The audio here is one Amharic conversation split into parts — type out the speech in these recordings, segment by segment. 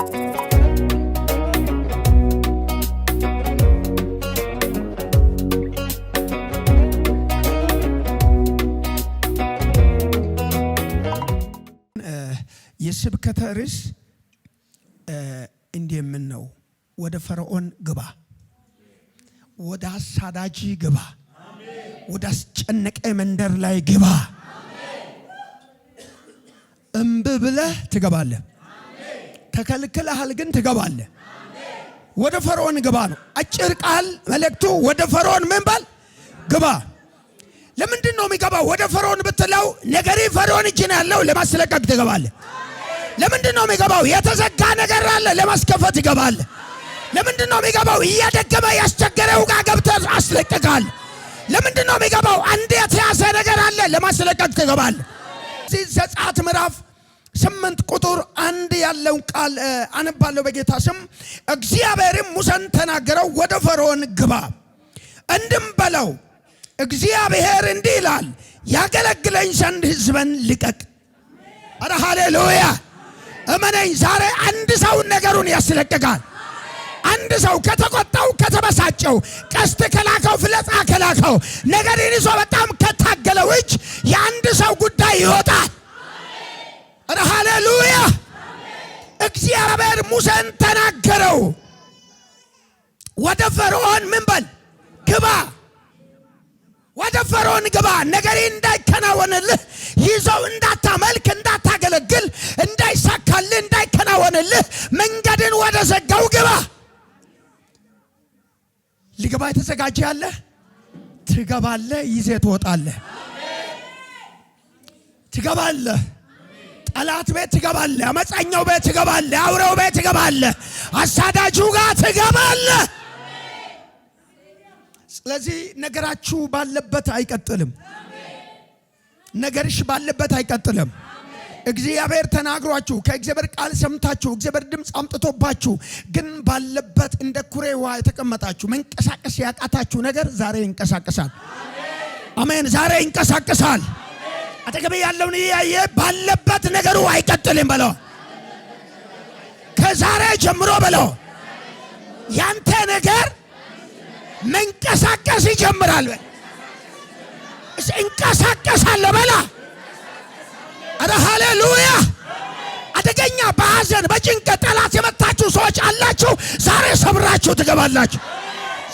Eh, የስብከተ ርዕስ እንዲህ የምን ነው? ወደ ፈርዖን ግባ፣ ወደ አሳዳጅ ግባ፣ ወደ አስጨነቀ መንደር ላይ ግባ፣ እምብ ብለህ ትገባለህ። ከከልክልሃል ግን ትገባለህ። ወደ ፈርዖን ግባ ነው አጭር ቃል መልእክቱ። ወደ ፈርዖን ምን ባል ግባ። ለምንድን ነው የሚገባ? ወደ ፈርዖን ብትለው ነገሪ ፈርዖን እጅ ነው ያለው፣ ለማስለቀቅ ትገባለህ። ለምንድን ነው የሚገባው? የተዘጋ ነገር አለ፣ ለማስከፈት ይገባል? ለምንድን ነው የሚገባው? እያደገመ ያስቸገረው ጋር ገብተህ አስለቅቃል። ለምንድን ነው የሚገባው? አንድ የተያዘ ነገር አለ፣ ለማስለቀቅ ትገባል። ዘጸአት ምዕራፍ ስምንት ቁጥር አንድ ያለውን ቃል አነባለሁ በጌታ ስም። እግዚአብሔርም ሙሴን ተናገረው፣ ወደ ፈርዖን ግባ እንድም በለው እግዚአብሔር እንዲህ ይላል ያገለግለኝ ዘንድ ሕዝበን ልቀቅ። አረ ሃሌሉያ! እመነኝ ዛሬ አንድ ሰው ነገሩን ያስለቅቃል። አንድ ሰው ከተቆጣው፣ ከተበሳጨው፣ ቀስት ከላከው፣ ፍለጻ ከላከው፣ ነገርን ይዞ በጣም ከታገለው እጅ የአንድ ሰው ጉዳይ ይወጣል። ኧረ ሃሌሉያ! እግዚአብሔር ሙሴን ተናገረው። ወደ ፈርዖን ምን በል ግባ፣ ወደ ፈርዖን ግባ፣ ነገሬ እንዳይከናወንልህ፣ ይዘው እንዳታመልክ፣ እንዳታገለግል፣ እንዳይሳካልህ፣ እንዳይከናወንልህ፣ መንገድን ወደ ዘጋው ግባ። ሊገባ የተዘጋጀ ያለ ትገባለህ፣ ይዜ ትወጣለህ፣ ትገባለህ ጠላት ቤት ትገባለህ። አመፀኛው ቤት ትገባለህ። አውሬው ቤት ትገባለህ። አሳዳጁ ጋር ትገባለህ። ስለዚህ ነገራችሁ ባለበት አይቀጥልም። ነገርሽ ባለበት አይቀጥልም። እግዚአብሔር ተናግሯችሁ ከእግዚአብሔር ቃል ሰምታችሁ እግዚአብሔር ድምፅ አምጥቶባችሁ ግን ባለበት እንደ ኩሬ ውሃ የተቀመጣችሁ መንቀሳቀስ ያቃታችሁ ነገር ዛሬ ይንቀሳቀሳል። አሜን። ዛሬ ይንቀሳቀሳል። አጠገቤ ያለውን እያየ ባለበት ነገሩ አይቀጥልም በለው። ከዛሬ ጀምሮ በለው ያንተ ነገር መንቀሳቀስ ይጀምራል። በል እንቀሳቀሳለሁ በላ። አረ ሃሌሉያ! አደገኛ በሐዘን በጭንቀት ጠላት የመታችሁ ሰዎች አላችሁ። ዛሬ ሰብራችሁ ትገባላችሁ።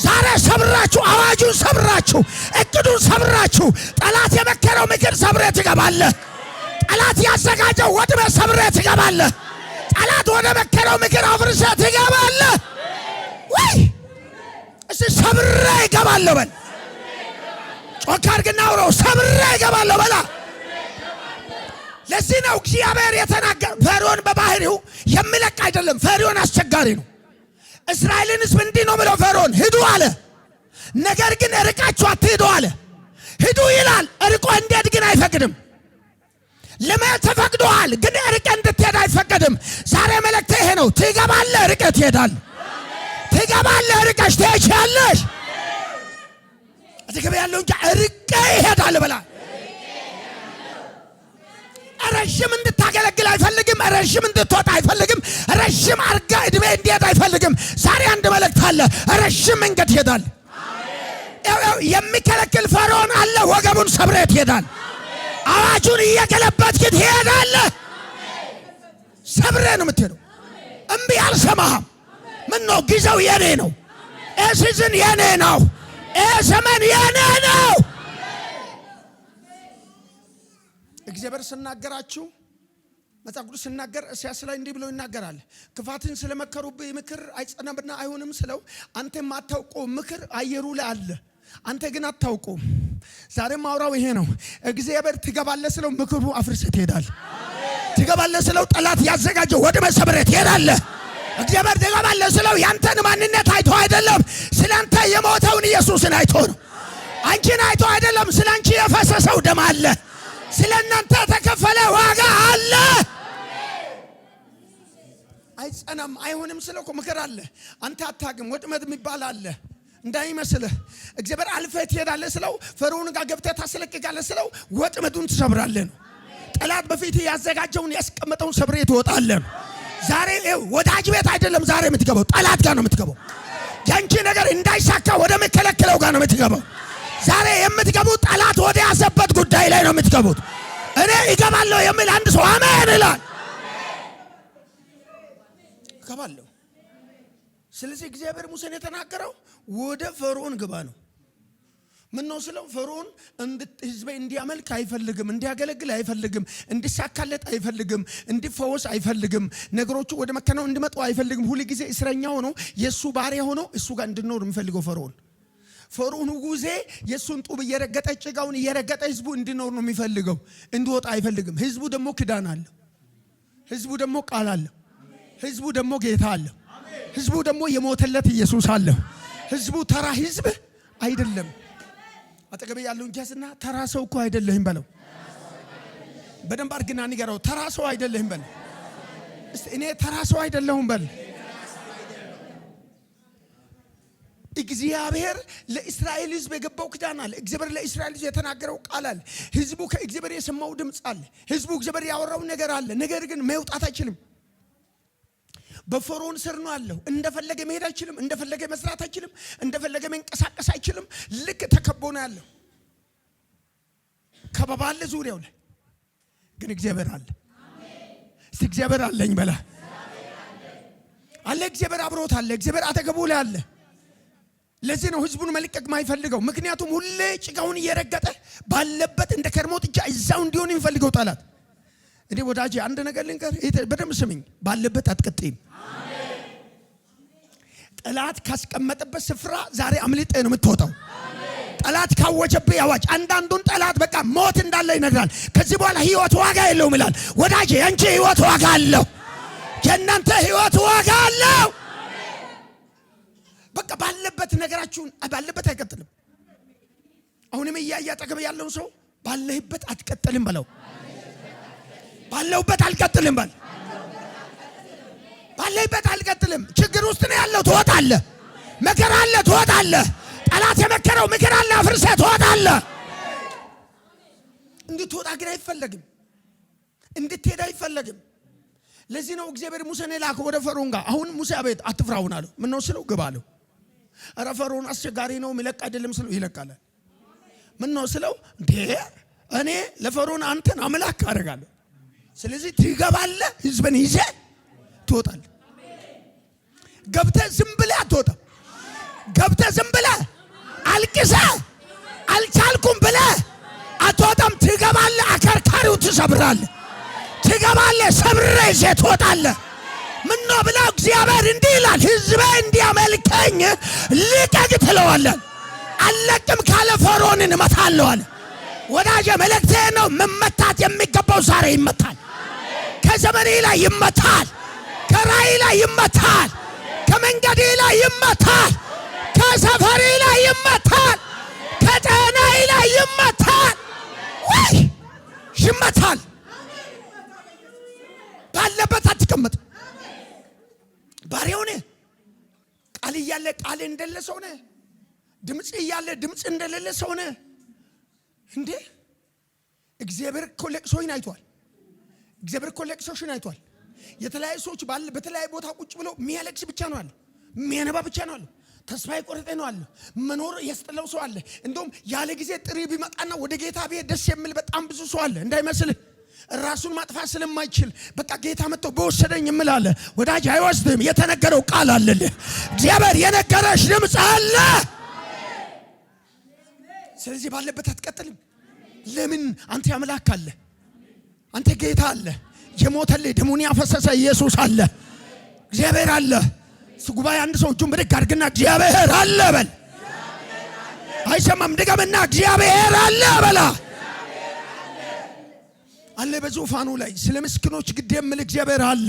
ዛሬ ሰብራችሁ፣ አዋጁን ሰብራችሁ፣ እቅዱን ሰብራችሁ፣ ጠላት የመከረው ምክር ሰብሬ ትገባለህ። ጠላት ያዘጋጀው ወድሜ ሰብሬ ትገባለህ። ጠላት ወደ መከረው ምክር አፍርሰ ትገባለህ። ወይ እስ ሰብሬ ይገባለሁ በል ጮካር አድርግና አውረው ሰብሬ ይገባለሁ በላ ለዚህ ነው እግዚአብሔር የተናገር ፈርዖን በባህሪው የሚለቅ አይደለም። ፈርዖን አስቸጋሪ ነው። እስራኤልን ህዝብ እንዲህ ነው ብለው ፈርዖን ሂዱ አለ። ነገር ግን ርቃችሁ አትሂዱ አለ። ሂዱ ይላል፣ እርቆ እንዴት ግን አይፈቅድም። ለማየት ተፈቅዶሃል፣ ግን ርቀ እንድትሄድ አይፈቀድም። ዛሬ መልእክት ይሄ ነው። ትገባለ፣ ርቀ ትሄዳል። ትገባለህ፣ ርቀሽ ትሄጃለሽ። አትገባ ያለው እንጂ ርቀ ይሄዳል በላል ረዥም እንድታገለግል አይፈልግም። ረዥም እንድትወጣ አይፈልግም። ረዥም አርጋ እድሜ እንዲሄድ አይፈልግም። ዛሬ አንድ መልእክት አለ። ረዥም መንገድ ይሄዳል። የሚከለክል ፈርዖን አለ። ወገቡን ሰብረት ይሄዳል። አዋጁን እየገለበጥክ ትሄዳለ። ሰብረ ነው የምትሄደው። እምቢ አልሰማህም። ምን ነው ጊዜው የኔ ነው። ኤ ሲዝን የኔ ነው። ኤ ዘመን የኔ ነው። እግዚአብሔር ስናገራችሁ መጽሐፍ ቅዱስ ስናገር እስያስ ላይ እንዲህ ብሎ ይናገራል። ክፋትን ስለመከሩብህ ምክር አይጸናምና አይሆንም ስለው አንተ የማታውቀው ምክር አየሩ ላይ አለ፣ አንተ ግን አታውቀውም። ዛሬም አውራው ይሄ ነው። እግዚአብሔር ትገባለህ ስለው ምክሩ አፍርሰ ትሄዳል ትገባለህ ስለው ጠላት ያዘጋጀው ወደ መሰብሬ ትሄዳለህ። እግዚአብሔር ትገባለህ ስለው ያንተን ማንነት አይቶ አይደለም ስለአንተ የሞተውን ኢየሱስን አይቶ ነው። አንቺን አይቶ አይደለም ስለ አንቺ የፈሰሰው ደም አለ ስለ እናንተ የተከፈለ ዋጋ አለ። አይጸናም አይሆንም ስለ እኮ ምክር አለ። አንተ አታግም ወጥመድ የሚባል አለ እንዳይመስልህ እግዚአብሔር አልፈህ ትሄዳለህ ስለው፣ ፈርዖን ጋር ገብተህ ታስለቅቃለህ ስለው፣ ወጥመዱን ትሰብራለህ ነው። ጠላት በፊት ያዘጋጀውን ያስቀመጠውን ሰብሬ ትወጣለህ ነው። ዛሬ ወዳጅ ቤት አይደለም ዛሬ የምትገባው ጠላት ጋር ነው የምትገባው። ያንቺ ነገር እንዳይሳካ ወደ መከለከለው ጋር ነው የምትገባው። ዛሬ የምትገቡት ጠላት ወደ ያዘበት ጉዳይ ላይ ነው የምትገቡት። እኔ ይገባለሁ የሚል አንድ ሰው አሜን ይላል። እገባለሁ። ስለዚህ እግዚአብሔር ሙሴን የተናገረው ወደ ፈርዖን ግባ ነው። ነው ስለው ፈርዖን ህዝቤ እንዲያመልክ አይፈልግም፣ እንዲያገለግል አይፈልግም፣ እንዲሳካለጥ አይፈልግም፣ እንዲፈወስ አይፈልግም፣ ነገሮቹ ወደ መከናወን እንዲመጡ አይፈልግም። ጊዜ እስረኛ ሆኖ የእሱ ባሪያ ሆኖ እሱ ጋር እንድኖር የሚፈልገው ፈርዖን ፈርዖን ጉዜ የእሱን ጡብ እየረገጠ ጭቃውን እየረገጠ ህዝቡ እንዲኖር ነው የሚፈልገው፣ እንዲወጣ አይፈልግም። ህዝቡ ደግሞ ክዳን አለ። ህዝቡ ደግሞ ቃል አለ። ህዝቡ ደግሞ ጌታ አለ። ህዝቡ ደግሞ የሞተለት ኢየሱስ አለ። ህዝቡ ተራ ህዝብ አይደለም። አጠገቤ ያለው እንጃስና ተራ ሰው እኮ አይደለህም በለው። በደንብ አድርግና ንገረው። ተራ ሰው አይደለህም በለው። እኔ ተራ ሰው አይደለሁም በል። እግዚአብሔር ለእስራኤል ሕዝብ የገባው ኪዳን አለ። እግዚአብሔር ለእስራኤል ሕዝብ የተናገረው ቃል አለ። ሕዝቡ ከእግዚአብሔር የሰማው ድምፅ አለ። ሕዝቡ እግዚአብሔር ያወራው ነገር አለ። ነገር ግን መውጣት አይችልም። በፈርዖን ስር ነው ያለው። እንደፈለገ መሄድ አይችልም። እንደፈለገ መስራት አይችልም። እንደፈለገ መንቀሳቀስ አይችልም። ልክ ተከቦ ነው ያለው። ከበባ አለ ዙሪያው ላይ ግን እግዚአብሔር አለ። እስቲ እግዚአብሔር አለኝ በላ አለ። እግዚአብሔር አብሮት አለ። እግዚአብሔር አጠገቡ ላይ አለ። ለዚህ ነው ህዝቡን መልቀቅ ማይፈልገው። ምክንያቱም ሁሌ ጭቃውን እየረገጠ ባለበት እንደ ከርሞ ጥጃ እዛው እንዲሆን የሚፈልገው ጠላት። እኔ ወዳጄ አንድ ነገር ልንገር፣ በደንብ ስምኝ። ባለበት አትቀጥይም። ጠላት ካስቀመጠበት ስፍራ ዛሬ አምልጤ ነው የምትወጣው። ጠላት ካወጀብህ አዋጅ። አንዳንዱን ጠላት በቃ ሞት እንዳለ ይነግራል። ከዚህ በኋላ ህይወት ዋጋ የለውም ይላል። ወዳጄ የአንቺ ህይወት ዋጋ አለው። የእናንተ ህይወት ዋጋ አለው። በቃ ባለበት ነገራችሁን ባለበት አይቀጥልም። አሁንም እያየ አጠገብ ያለው ሰው ባለህበት አትቀጥልም በለው። ባለሁበት አልቀጥልም በል። ባለህበት አልቀጥልም። ችግር ውስጥ ነው ያለው፣ ትወጣለህ። መከራ አለ፣ ትወጣለህ። ጠላት የመከረው ምክር አለ፣ አፍርሰህ ትወጣለህ። እንድትወጣ ግን አይፈለግም፣ እንድትሄድ አይፈለግም። ለዚህ ነው እግዚአብሔር ሙሴን ላከው ወደ ፈርዖን ጋር። አሁን ሙሴ አቤት አትፍራውን አለው። ምነው ስለው ግባ አለው ረፈሩን አስቸጋሪ ነው የሚለቅ አይደለም ስለው ይለቃል። ምን ነው ስለው እንዴ እኔ ለፈሩን አንተን አምላክ አደርጋለሁ። ስለዚህ ትገባለህ፣ ህዝብን ይዘ ትወጣል ገብተ ዝም ብለህ አትወጣም። ገብተ ዝም ብለ አልቅሰ አልቻልኩም ብለ አትወጣም። ትገባለህ፣ አከርካሪው ትሰብራለህ። ትገባለህ፣ ሰብሬ ይዘህ ትወጣለህ። ነው ብለው እግዚአብሔር እንዲህ ይላል፣ ህዝቤ እንዲያመልከኝ ልቀቅ ትለዋለን። አለቅም ካለ ፈርዖንን እመታለሁ አለ። መልእክቴ ነው። መመታት የሚገባው ዛሬ ይመታል። ከዘመኔ ላይ ይመታል። ከራእይ ላይ ይመታል። ከመንገዴ ላይ ይመታል። ከሰፈሬ ላይ ይመታል። ከጤናዬ ላይ ይመታል። ወይ ይመታል። ባለበት አትቀመጥ። ባሪያው ነህ። ቃል እያለ ቃል እንደሌለ ሰው ነህ። ድምፅ እያለ ድምፅ እንደሌለ ሰው ነህ። እንዴ እግዚአብሔር እኮ ለቅሶሽን አይቷል። እግዚአብሔር እኮ ለቅሶሽን አይቷል። የተለያዩ ሰዎች በተለያየ ቦታ ቁጭ ብለው የሚያለቅስ ብቻ ነው አለ፣ የሚያነባ ብቻ ነው አለ፣ ተስፋ የቆረጠ ነው አለ፣ መኖር ያስጠላው ሰው አለ። እንደውም ያለ ጊዜ ጥሪ ቢመጣና ወደ ጌታ ብሄድ ደስ የሚል በጣም ብዙ ሰው አለ እንዳይመስልህ ራሱን ማጥፋት ስለማይችል በቃ ጌታ መጥቶ በወሰደኝ እምላለህ። ወዳጅ አይወስድም። የተነገረው ቃል አለልህ። እግዚአብሔር የነገረሽ ድምፅ አለ። ስለዚህ ባለበት አትቀጥልም። ለምን? አንተ አምላክ አለ፣ አንተ ጌታ አለ፣ የሞተልህ ደሙን ያፈሰሰ ኢየሱስ አለ፣ እግዚአብሔር አለ። ጉባኤ አንድ ሰው እጁን ብድግ አድርግና እግዚአብሔር አለ በል። አይሰማም? ድገምና እግዚአብሔር አለ በላ አለ በዙፋኑ ላይ ስለ ምስኪኖች ግድ የሚል እግዚአብሔር አለ።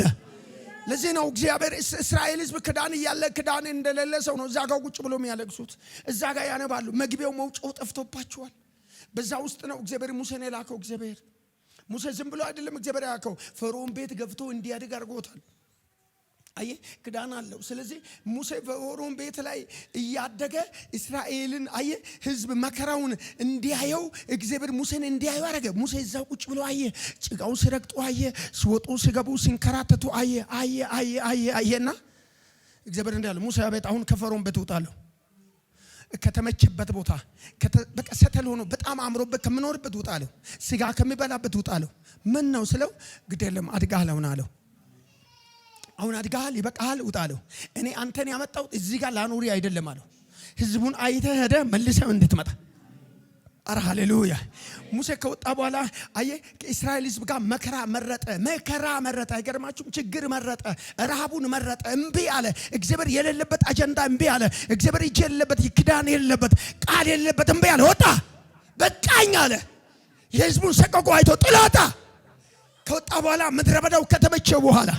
ለዚህ ነው እግዚአብሔር እስራኤል ህዝብ ክዳን እያለ ክዳን እንደሌለ ሰው ነው። እዛ ጋር ቁጭ ብሎ የሚያለቅሱት እዛ ጋር ያነባሉ። መግቢያው መውጫው ጠፍቶባቸዋል። በዛ ውስጥ ነው እግዚአብሔር ሙሴን የላከው። እግዚአብሔር ሙሴ ዝም ብሎ አይደለም እግዚአብሔር ያከው። ፈርዖን ቤት ገብቶ እንዲያድግ አድርጎታል። አየ ክዳን አለው። ስለዚህ ሙሴ በኦሮን ቤት ላይ እያደገ እስራኤልን አየ ህዝብ መከራውን እንዲያየው እግዚአብሔር ሙሴን እንዲያዩ አረገ። ሙሴ እዛው ቁጭ ብሎ አየ፣ ጭቃው ሲረግጡ አየ፣ ሲወጡ ሲገቡ ሲንከራተቱ አየ አየ አየ አየ አየና እግዚአብሔር እንዳለ ሙሴ አቤት አሁን ከፈሮን ቤት እወጣለሁ ከተመቸበት ቦታ በቃ ሰተል ሆኖ በጣም አምሮበት ከምኖርበት ውጣለሁ፣ ስጋ ከሚበላበት ውጣለሁ። ምን ነው ስለው ግድ የለም አለው አሁን አድጋል፣ ይበቃል፣ ውጣለሁ። እኔ አንተን ያመጣው እዚህ ጋር ላኑሪ አይደለም አለው። ህዝቡን አይተ ሄደ መልሰው እንድትመጣ አረ ሃሌሉያ። ሙሴ ከወጣ በኋላ አየ ከእስራኤል ህዝብ ጋር መከራ መረጠ፣ መከራ መረጠ። አይገርማችሁም? ችግር መረጠ፣ ረሃቡን መረጠ። እምቢ አለ። እግዚአብሔር የሌለበት አጀንዳ እምቢ አለ። እግዚአብሔር እጅ የሌለበት ክዳን የሌለበት ቃል የሌለበት እምቢ አለ። ወጣ፣ በቃኝ አለ። የህዝቡን ሰቀቁ አይቶ ጥላታ ከወጣ በኋላ ምድረ በዳው ከተመቸው በኋላ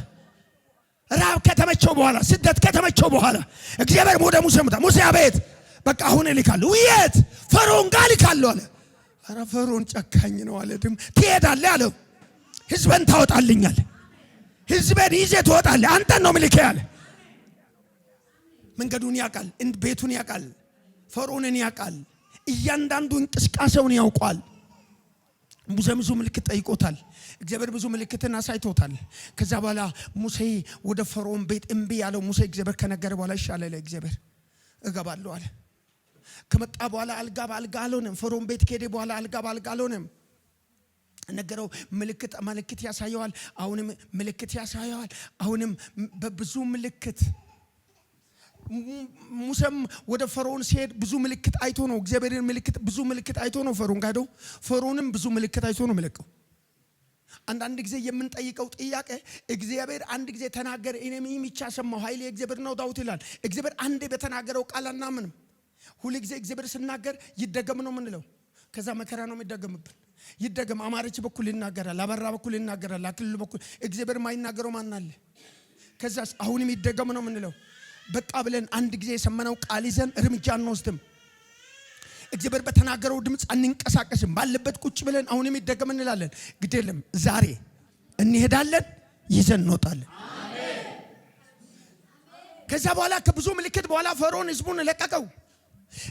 ራብ ከተመቸው በኋላ ስደት ከተመቸው በኋላ እግዚአብሔር ወደ ሙሴ መጣ። ሙሴ አቤት፣ በቃ አሁን እልካለሁ። የት? ፈርዖን ጋር እልካለሁ አለ። ኧረ ፈርዖን ጨካኝ ነው አለ። ድም ትሄዳለህ አለው። ህዝበን ታወጣልኛል፣ ህዝበን ይዘህ ትወጣለህ። አንተን ነው ምልኬ አለ። መንገዱን ያውቃል፣ ቤቱን ያውቃል፣ ፈርዖንን ያውቃል፣ እያንዳንዱ እንቅስቃሴውን ያውቋል። ብዙ ምልክት ጠይቆታል። እግዚአብሔር ብዙ ምልክትን አሳይቶታል። ከዛ በኋላ ሙሴ ወደ ፈርዖን ቤት እምቢ ያለው ሙሴ እግዚአብሔር ከነገረ በኋላ ይሻላል እግዚአብሔር እገባለሁ አለ። ከመጣ በኋላ አልጋ በአልጋ አልሆነም። ፈርዖን ቤት ከሄደ በኋላ አልጋ በአልጋ አልሆነም። ነገረው። ምልክት ምልክት ያሳየዋል። አሁንም ምልክት ያሳየዋል። አሁንም በብዙ ምልክት ሙሴም ወደ ፈርዖን ሲሄድ ብዙ ምልክት አይቶ ነው። እግዚአብሔርን ምልክት ብዙ ምልክት አይቶ ነው ፈርዖን ጋር ሄደው ፈርዖንም ብዙ ምልክት አይቶ ነው መለቀው። አንዳንድ ጊዜ የምንጠይቀው ጥያቄ እግዚአብሔር አንድ ጊዜ ተናገረ፣ እኔም ይቻ ሰማሁ፣ ኃይል የእግዚአብሔር ነው ዳዊት ይላል። እግዚአብሔር አንዴ በተናገረው ቃል አናምንም። ሁል ጊዜ እግዚአብሔር ስናገር ይደገም ነው የምንለው። ከዛ መከራ ነው የሚደገምብን። ይደገም አማረች በኩል ይናገራል፣ አበራ በኩል ይናገራል፣ አክልሉ በኩል እግዚአብሔር ማይናገረው አለ? ከዛስ አሁንም ይደገም ነው የምንለው በቃ ብለን አንድ ጊዜ የሰመነው ቃል ይዘን እርምጃ እንወስድም እግዚአብሔር በተናገረው ድምፅ አንንቀሳቀስም። ባለበት ቁጭ ብለን አሁንም ይደገም እንላለን። ግዴለም ዛሬ እንሄዳለን፣ ይዘን እንወጣለን። ከዛ በኋላ ከብዙ ምልክት በኋላ ፈርዖን ህዝቡን ለቀቀው።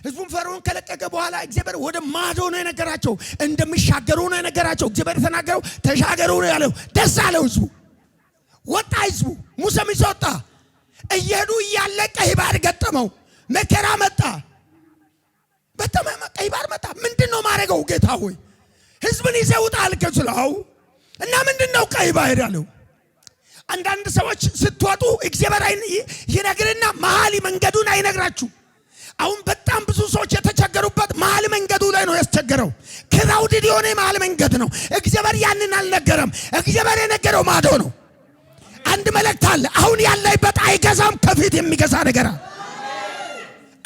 ህዝቡን ፈርዖን ከለቀቀ በኋላ እግዚአብሔር ወደ ማዶ ነው የነገራቸው፣ እንደሚሻገሩ ነው የነገራቸው። እግዚአብሔር የተናገረው ተሻገሩ ነው ያለው። ደስ አለው ህዝቡ፣ ወጣ ህዝቡ። ሙሴም ይዞ ወጣ። እየሄዱ እያለ ቀይ ባህር ገጠመው። መከራ መጣ። በጣም ቀይ ባህር መጣ። ምንድን ነው ማድረገው? ጌታ ሆይ ህዝብን ይዘውጣ ውጣ ስለው እና ምንድን ነው ቀይ ባህር አለው። አንዳንድ ሰዎች ስትወጡ እግዚአብሔር ይነግርና መሀል መንገዱን አይነግራችሁ። አሁን በጣም ብዙ ሰዎች የተቸገሩበት መሀል መንገዱ ላይ ነው ያስቸገረው። ክራውድድ የሆነ መሀል መንገድ ነው። እግዚአብሔር ያንን አልነገረም። እግዚአብሔር የነገረው ማዶ ነው። አንድ መልእክት አለ። አሁን ያለበት አይገዛም፣ ከፊት የሚገዛ ነገር አለ።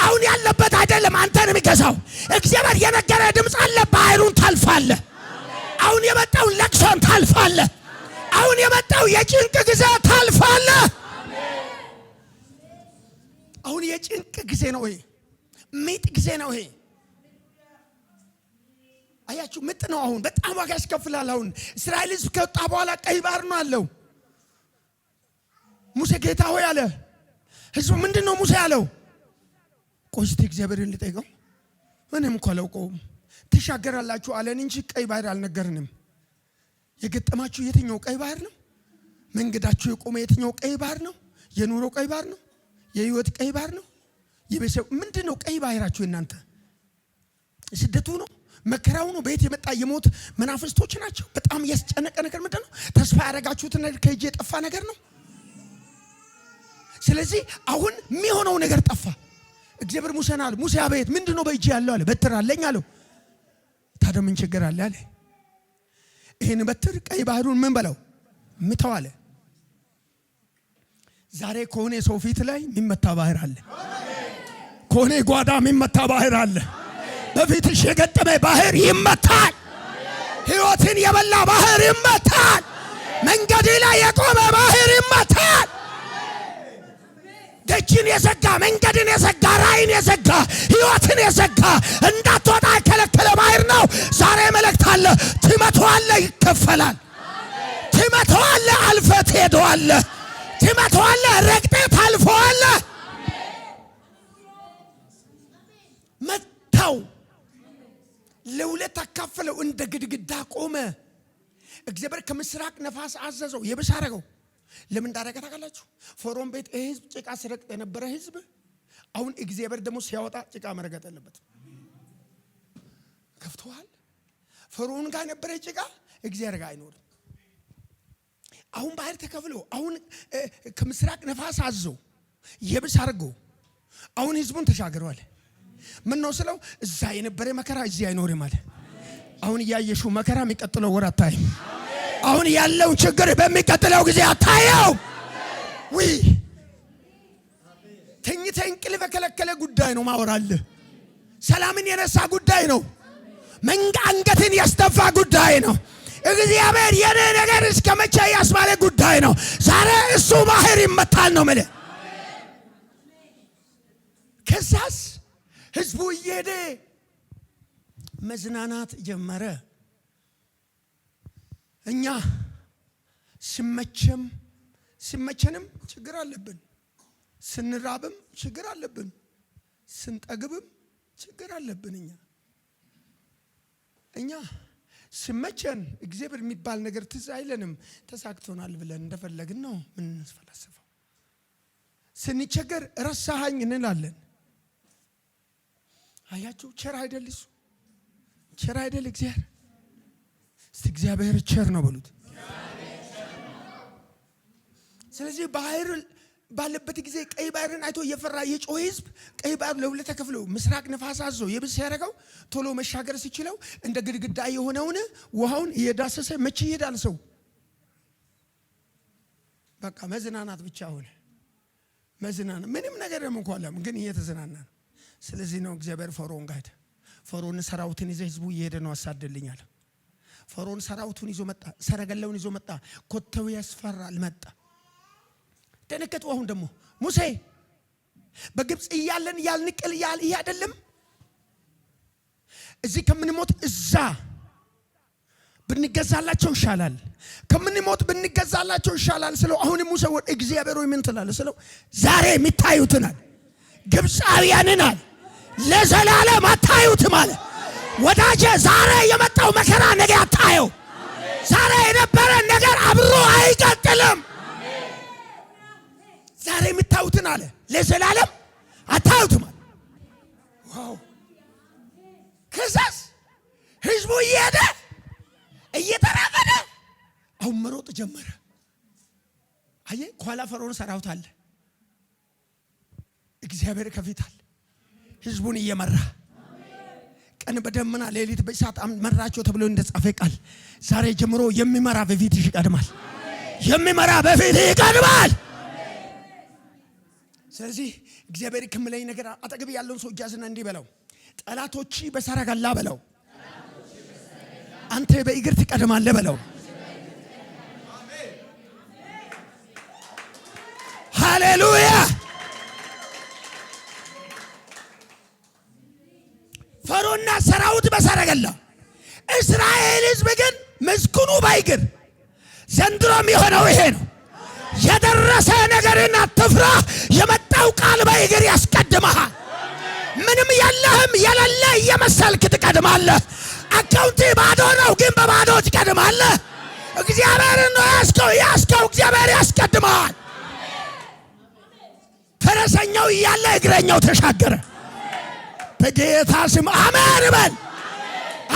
አሁን ያለበት አይደለም አንተን የሚገዛው እግዚአብሔር የነገረ ድምፅ አለ። ባህሩን ታልፋለ አሁን የመጣው ለቅሶን ታልፋለ አሁን የመጣው የጭንቅ ጊዜ ታልፋለህ። አሁን የጭንቅ ጊዜ ነው። ይሄ ምጥ ጊዜ ነው። ይሄ አያችሁ፣ ምጥ ነው። አሁን በጣም ዋጋ ያስከፍላል። አሁን እስራኤል ሕዝብ ከወጣ በኋላ ቀይ ባህር ነው አለው ሙሴ ጌታ ሆይ አለ። ህዝቡ ምንድን ነው ሙሴ ያለው? ቆይቼ እግዚአብሔርን ልጠይቀው ምንም እኮ አላውቀውም። ትሻገራላችሁ አለን እንጂ ቀይ ባህር አልነገርንም። የገጠማችሁ የትኛው ቀይ ባህር ነው? መንገዳችሁ የቆመ የትኛው ቀይ ባህር ነው? የኑሮ ቀይ ባህር ነው? የህይወት ቀይ ባህር ነው? የቤተሰብ ምንድን ነው ቀይ ባህራችሁ? እናንተ ስደቱ ነው መከራው ነው። በየት የመጣ የሞት መናፍስቶች ናቸው። በጣም ያስጨነቀ ነገር ምንድን ነው? ተስፋ ያደረጋችሁት ነገር ከእጅ የጠፋ ነገር ነው። ስለዚህ አሁን የሚሆነው ነገር ጠፋ። እግዚአብሔር ሙሴን አለ፣ ሙሴ አቤት፣ ምንድን ነው በእጅ ያለው አለ። በትር አለኝ አለው። ታዲያ ምን ችግር አለ አለ። ይህን በትር ቀይ ባህሩን ምን በለው ምተው አለ። ዛሬ ከሆነ ሰው ፊት ላይ የሚመታ ባህር አለ። ከሆነ ጓዳ የሚመታ ባህር አለ። በፊትሽ የገጠመ ባህር ይመታል። ህይወትን የበላ ባህር ይመታል። መንገድ ላይ የቆመ ባህር ይመታል። ደጅን የዘጋ መንገድን የዘጋ ራይን የዘጋ ህይወትን የዘጋ እንዳትወጣ የከለከለ ባህር ነው። ዛሬ መልእክት አለ። ትመተዋለህ፣ ይከፈላል። ትመተዋለህ፣ አልፈ ትሄደዋለህ። ትመተዋለህ፣ ረግጠህ ታልፈዋለህ። መታው፣ ለሁለት አካፈለው፣ እንደ ግድግዳ ቆመ። እግዚአብሔር ከምስራቅ ነፋስ አዘዘው፣ የብስ አረገው ለምን እንዳደረገ ታውቃላችሁ? ፎሮም ቤት ህዝብ ጭቃ ሲረግጥ የነበረ ህዝብ አሁን እግዚአብሔር ደግሞ ሲያወጣ ጭቃ መረገጥ የለበትም። ከፍተዋል። ፈርዖን ጋር የነበረ ጭቃ እግዚአብሔር ጋር አይኖርም። አሁን ባህር ተከፍሎ አሁን ከምስራቅ ነፋስ አዞ የብስ አድርጎ አሁን ህዝቡን ተሻግረዋል። ምን ነው ስለው እዛ የነበረ መከራ እዚህ አይኖርም አለ። አሁን እያየሹ መከራ የሚቀጥለው ወር አታይም። አሁን ያለውን ችግር በሚቀጥለው ጊዜ አታየው። ውይ ተኝተ እንቅልፍ የከለከለ ጉዳይ ነው ማወራልህ። ሰላምን የነሳ ጉዳይ ነው። መንጋ አንገትን ያስተፋ ጉዳይ ነው። እግዚአብሔር የኔ ነገር እስከ መቼ ያስባለ ጉዳይ ነው። ዛሬ እሱ ማህር ይመታል ነው ማለት ከዛስ ህዝቡ እየሄደ መዝናናት ጀመረ። እኛ ሲመቸም ሲመቸንም ችግር አለብን፣ ስንራብም ችግር አለብን፣ ስንጠግብም ችግር አለብን። እኛ እኛ ሲመቸን እግዚአብሔር የሚባል ነገር ትዝ አይለንም። ተሳክቶናል ብለን እንደፈለግን ነው ምንፈላሰፈው። ስንቸገር ረሳሃኝ እንላለን። አያችሁ፣ ቸር አይደል እሱ ቸር አይደል እግዚአብሔር እግዚአብሔር ቸር ነው በሉት። ስለዚህ ባህር ባለበት ጊዜ ቀይ ባህርን አይቶ እየፈራ የጮ ህዝብ ቀይ ባህር ለሁለት ተከፍሎ ምስራቅ ነፋስ አዞ የብስ ያደረገው ቶሎ መሻገር ሲችለው እንደ ግድግዳ የሆነውን ውሃውን እየዳሰሰ መቼ ይሄዳል ሰው? በቃ መዝናናት ብቻ ሆነ። መዝናናት ምንም ነገር ደግሞ እንኳ ግን እየተዝናና ስለዚህ ነው እግዚአብሔር ፈሮን ጋር ፈሮን ፈርዖን ሰራዊትን ይዘ ህዝቡ እየሄደ ነው አሳደልኛል ፈርዖን ሰራዊቱን ይዞ መጣ። ሰረገላውን ይዞ መጣ። ኮተው ያስፈራል። መጣ ደነገጡ። አሁን ደግሞ ሙሴ በግብፅ እያለን ያልንቅል ያል ይህ አይደለም እዚህ ከምንሞት እዛ ብንገዛላቸው ይሻላል፣ ከምንሞት ብንገዛላቸው ይሻላል ስለው አሁን ሙሴ ወደ እግዚአብሔር ምን ትላለ ስለው ዛሬ የሚታዩትናል ግብፃውያንናል ለዘላለም አታዩትም አለ። ወዳጀ ዛሬ የመጣው መከራ ነገ አታየው። ዛሬ የነበረ ነገር አብሮ አይቀጥልም። ዛሬ የምታዩትን አለ ለዘላለም አታዩትም። ከዛስ ህዝቡ እየሄደ እየተራመደ አሁን መሮጥ ጀመረ። አየ ከኋላ ፈርዖን ሰራዊት አለ፣ እግዚአብሔር ከፊት አለ፣ ህዝቡን እየመራ ቀን በደመና ሌሊት በእሳት መራቸው ተብሎ እንደጻፈ ቃል ዛሬ ጀምሮ የሚመራ በፊትሽ ይቀድማል። የሚመራ በፊት ይቀድማል። ስለዚህ እግዚአብሔር ከምለኝ ነገር አጠገብ ያለውን ሰው እጃዝና እንዲህ በለው፣ ጠላቶች በሰረገላ በለው፣ አንተ በእግር ትቀድማለህ በለው። ተደረገላ። እስራኤል ህዝብ ግን ምስኩኑ ባይግር፣ ዘንድሮም የሆነው ይሄ ነው። የደረሰ ነገርን አትፍራ። የመጣው ቃል በእግር ያስቀድመሃል። ምንም የለህም የሌለ እየመሰልክ ትቀድማለህ። አካውንቲ ባዶ ነው፣ ግን በባዶ ትቀድማለህ። እግዚአብሔርን ነው ያስከው ያስከው እግዚአብሔር ያስቀድመሃል። ፈረሰኛው እያለ እግረኛው ተሻገረ። በጌታ ስም አሜን በል።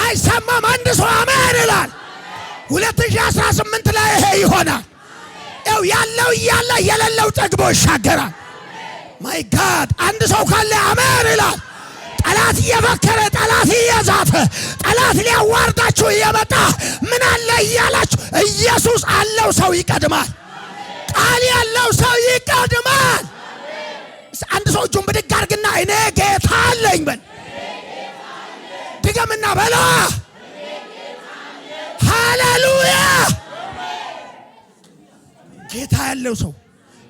አይሰማም። አንድ ሰው አሜን ይላል። 2018 ላይ ይሄ ይሆናል። ያው ያለው እያለ የሌለው ጠግቦ ይሻገራል። ማይ ጋድ አንድ ሰው ካለ አሜን ይላል። ጠላት እየፈከረ ጠላት እየዛተ ጠላት ሊያዋርዳችሁ እየመጣ ምን አለ እያላችሁ ኢየሱስ አለው ሰው ይቀድማል። ቃል ያለው ሰው ይቀድማል። አንድ ሰው እጁን ብድግ አድርግና እኔ ጌታ አለኝ በል ድገምና በላ ሃሌሉያ። ጌታ ያለው ሰው፣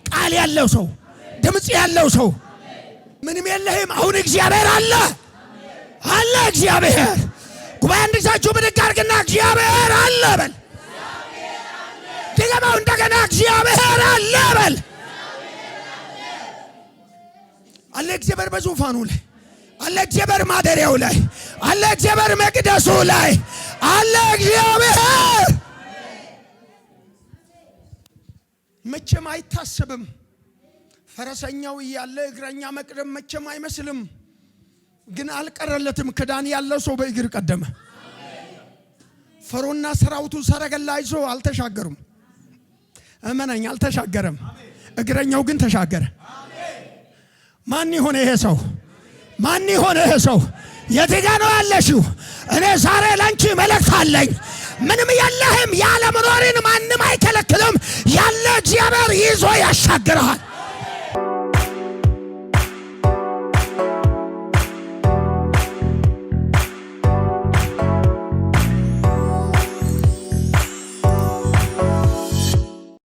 ቃል ያለው ሰው፣ ድምፅ ያለው ሰው ምንም የለህም። አሁን እግዚአብሔር አለ አለ። እግዚአብሔር ጉባኤ እንድሳችሁ ብድግ አድርግና እግዚአብሔር አለ በል። ድገመው እንደገና እግዚአብሔር አለ በል። አለ እግዚአብሔር በዙፋኑ ላይ አለ እግዚአብሔር ማደሪያው ላይ አለ እግዚአብሔር መቅደሱ ላይ አለ እግዚአብሔር። መቼም አይታሰብም። ፈረሰኛው እያለ እግረኛ መቅደም መቼም አይመስልም። ግን አልቀረለትም። ክዳን ያለው ሰው በእግር ቀደመ። ፈሮና ሰራዊቱ ሰረገላ ይዞ አልተሻገሩም። እመነኝ፣ አልተሻገረም። እግረኛው ግን ተሻገረ። ማን ይሆነ ይሄ ሰው? ማን ይሆን ይሄ ሰው? የትጋ ነው ያለሽው? እኔ ዛሬ ለአንቺ መልእክት አለኝ። ምንም የለህም ያለ መኖርን ማንም አይከለክልም። ያለ እግዚአብሔር ይዞ ያሻግረሃል።